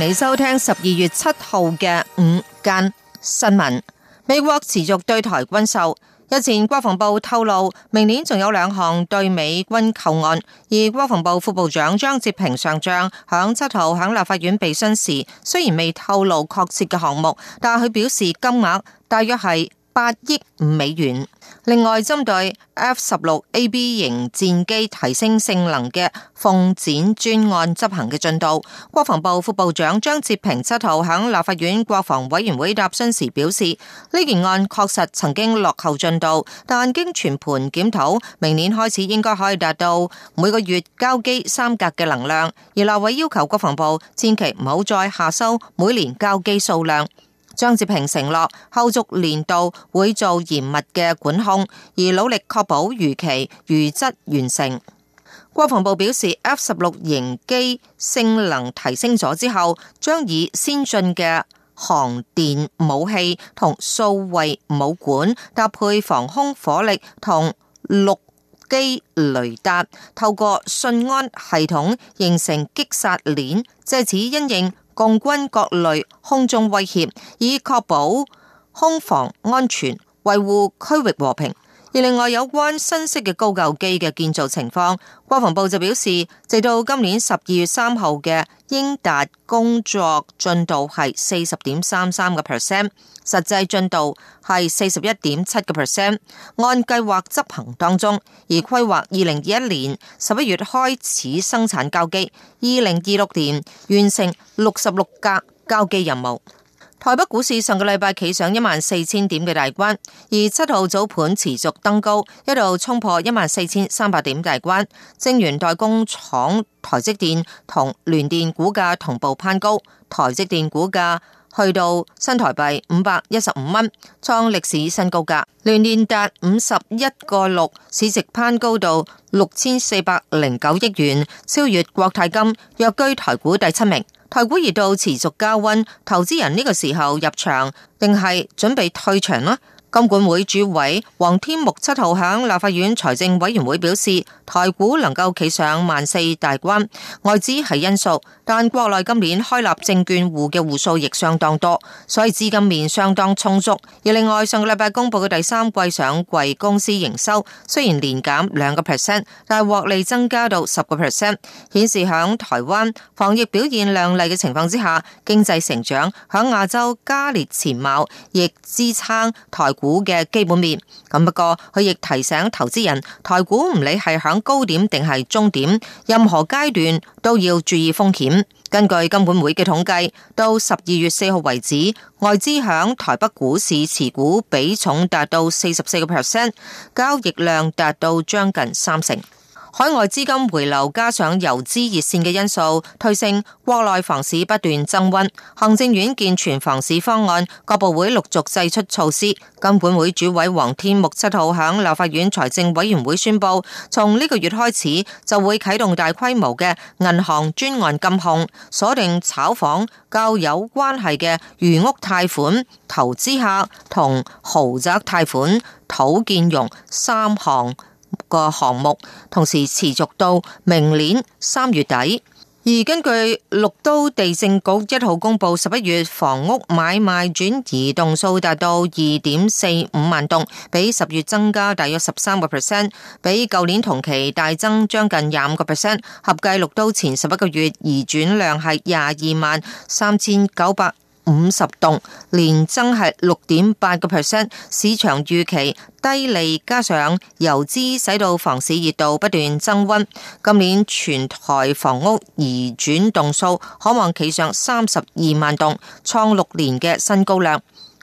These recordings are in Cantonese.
你收聽十二月七號嘅午間新聞。美國持續對台軍售。日前國防部透露，明年仲有兩項對美軍購案。而國防部副部長張哲平上將響七號響立法院備詢時，雖然未透露確切嘅項目，但係佢表示金額大約係。八億五美元。另外，針對 F-16A B 型戰機提升性能嘅鳳展專案執行嘅進度，國防部副部長張哲平七號喺立法院國防委員會答詢時表示：呢件案確實曾經落後進度，但經全盤檢討，明年開始應該可以達到每個月交機三架嘅能量。而立委要求國防部千祈唔好再下修每年交機數量。張志平承諾，後續年度會做嚴密嘅管控，而努力確保如期、如質完成。國防部表示，F-16 型機性能提升咗之後，將以先進嘅航電武器同數位武管搭配防空火力同陸基雷達，透過信安系統形成擊殺鏈，借此因應，共軍各類空中威脅，以確保空防安全，維護區域和平。而另外，有關新式嘅高教機嘅建造情況，國防部就表示，直到今年十二月三號嘅英達工作進度係四十點三三個 percent，實際進度係四十一點七個 percent，按計劃執行當中。而規劃二零二一年十一月開始生產交機，二零二六年完成六十六架交機任務。台北股市上個禮拜企上一萬四千點嘅大關，而七號早盤持續登高，一度衝破一萬四千三百點大關。晶圓代工廠台積電同聯電股價同步攀高，台積電股價去到新台幣五百一十五蚊，創歷史新高價。聯電達五十一個六，市值攀高到六千四百零九億元，超越國泰金，躍居台股第七名。台股熱度持續加溫，投資人呢個時候入場，定係準備退場呢？金管會主委黃天木七號響立法院財政委員會表示，台股能夠企上萬四大關，外資係因素，但國內今年開立證券戶嘅戶數亦相當多，所以資金面相當充足。而另外上個禮拜公布嘅第三季上季公司營收雖然年減兩個 percent，但獲利增加到十個 percent，顯示響台灣防疫表現亮麗嘅情況之下，經濟成長響亞洲加列前茅，亦支撐台。股嘅基本面，咁不過佢亦提醒投資人，台股唔理係響高點定係中點，任何階段都要注意風險。根據金管會嘅統計，到十二月四號為止，外資響台北股市持股比重達到四十四個 percent，交易量達到將近三成。海外資金回流加上遊資熱線嘅因素，推升國內房市不斷增溫。行政院健全房市方案，各部會陸續祭出措施。金管會主委黃天牧七號向立法院財政委員會宣布，從呢個月開始就會啟動大規模嘅銀行專案禁控，鎖定炒房、較有關係嘅餘屋貸款、投資客同豪宅貸款、土建融三項。個項目同時持續到明年三月底，而根據綠都地政局一號公布，十一月房屋買賣轉移動數達到二點四五萬棟，比十月增加大約十三個 percent，比舊年同期大增將近廿五個 percent，合計綠都前十一個月移轉量係廿二萬三千九百五十棟，年增係六點八個 percent，市場預期低利加上油資，使到房市熱度不斷增溫。今年全台房屋移轉棟數可望企上三十二萬棟，創六年嘅新高量。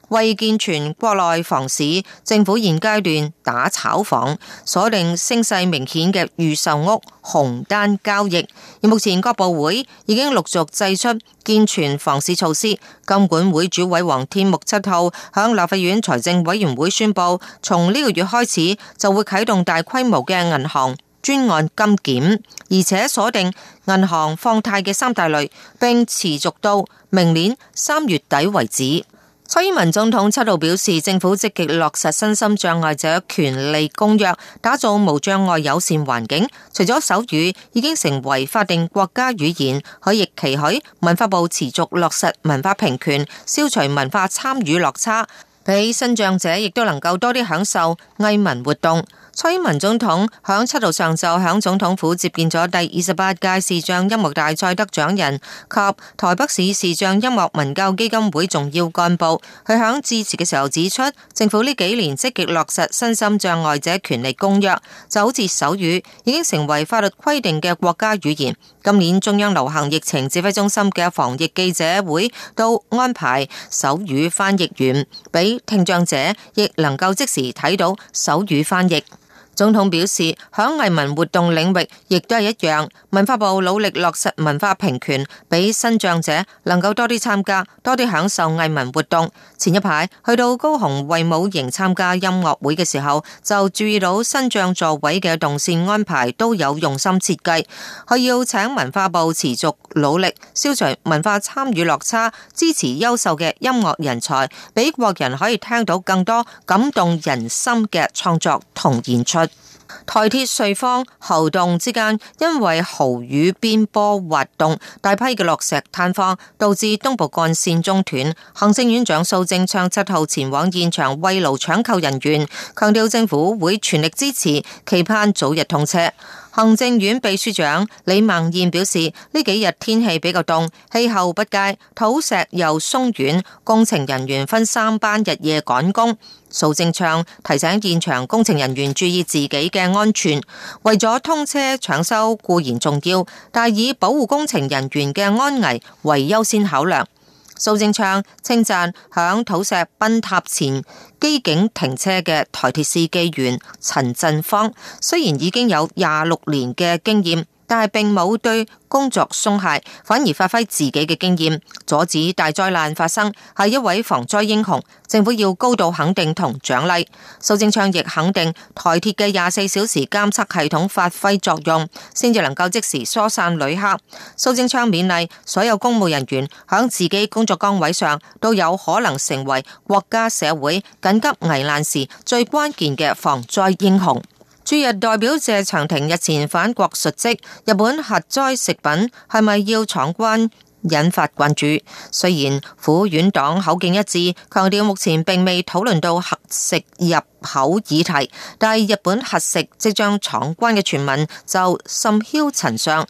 為健全國內房市，政府現階段打炒房，鎖定聲勢明顯嘅預售屋紅單交易。而目前各部會已經陸續祭出健全房市措施。金管會主委黃天牧七號向立法院財政委員會宣佈，從呢個月開始就會啟動大規模嘅銀行專案金檢，而且鎖定銀行放貸嘅三大類，並持續到明年三月底為止。蔡英文總統七度表示，政府積極落實身心障礙者權利公約，打造無障礙友善環境。除咗手語已經成為法定國家語言，可以期許文化部持續落實文化平權，消除文化參與落差，俾身障者亦都能夠多啲享受藝文活動。蔡英文總統喺七號上晝喺總統府接見咗第二十八屆視障音樂大賽得獎人及台北市視障音樂文教基金會重要幹部。佢喺致辭嘅時候指出，政府呢幾年積極落實身心障礙者權利公約，就好似手語已經成為法律規定嘅國家語言。今年中央流行疫情指揮中心嘅防疫記者會都安排手語翻譯員，俾聽障者亦能夠即時睇到手語翻譯。總統表示，喺藝文活動領域亦都係一樣，文化部努力落實文化平權，俾身障者能夠多啲參加，多啲享受藝文活動。前一排去到高雄衛武營參加音樂會嘅時候，就注意到身障座位嘅動線安排都有用心設計。佢要請文化部持續努力消除文化參與落差，支持優秀嘅音樂人才，俾國人可以聽到更多感動人心嘅創作同演出。台鐵瑞芳猴硐之間，因為豪雨邊坡滑動，大批嘅落石坍方，導致東部幹線中斷。行政院長蘇貞昌七號前往現場慰勞搶救人員，強調政府會全力支持，期盼早日通車。行政院秘書長李孟諺表示，呢幾日天氣比較凍，氣候不佳，土石又鬆軟，工程人員分三班日夜趕工。蘇貞昌提醒現場工程人員注意自己嘅安全，為咗通車搶修固然重要，但以保護工程人員嘅安危為優先考量。蘇貞昌稱讚響土石崩塌前機警停車嘅台鐵司機員陳振芳，雖然已經有廿六年嘅經驗。但係並冇對工作鬆懈，反而發揮自己嘅經驗，阻止大災難發生，係一位防災英雄。政府要高度肯定同獎勵。蘇貞昌亦肯定台鐵嘅廿四小時監測系統發揮作用，先至能夠即時疏散旅客。蘇貞昌勉勵所有公務人員響自己工作崗位上都有可能成為國家社會緊急危難時最關鍵嘅防災英雄。駐日代表謝長廷日前返國述職，日本核災食品係咪要闖關？引發關注。雖然府院黨口徑一致，強調目前並未討論到核食入口議題，但日本核食即將闖關嘅傳聞就甚囂塵上。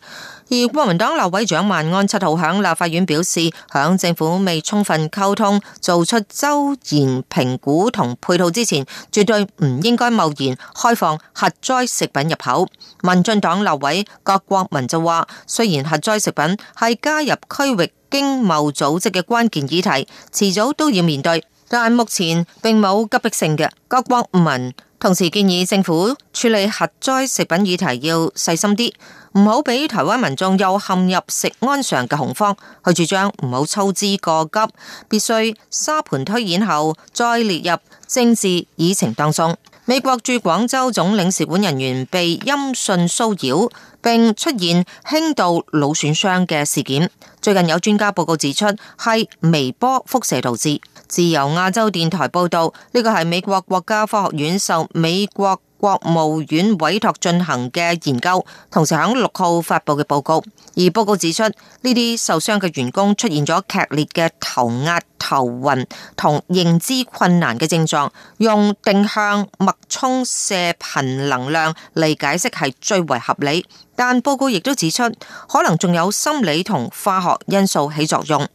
而國民黨立委長萬安七號響立法院表示，響政府未充分溝通、做出周延評估同配套之前，絕對唔應該貿然開放核災食品入口。民進黨立委郭國文就話，雖然核災食品係加入區域經貿組織嘅關鍵議題，遲早都要面對，但目前並冇急迫性嘅。郭國文同時建議政府處理核災食品議題要細心啲，唔好俾台灣民眾又陷入食安上嘅恐慌，去主張唔好操之過急，必須沙盤推演後再列入政治議程當中。美國駐廣州總領事館人員被音訊騷擾，並出現輕度腦損傷嘅事件，最近有專家報告指出係微波輻射導致。自由亞洲電台報道，呢個係美國國家科學院受美國國務院委託進行嘅研究，同時喺六號發佈嘅報告。而報告指出，呢啲受傷嘅員工出現咗劇烈嘅頭壓、頭暈同認知困難嘅症狀，用定向脈衝射頻能量嚟解釋係最為合理。但報告亦都指出，可能仲有心理同化學因素起作用。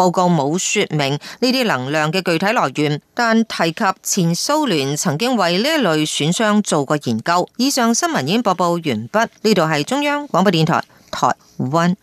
報告冇說明呢啲能量嘅具體來源，但提及前蘇聯曾經為呢一類損傷做過研究。以上新聞已經播報完畢，呢度係中央廣播電台，台灣。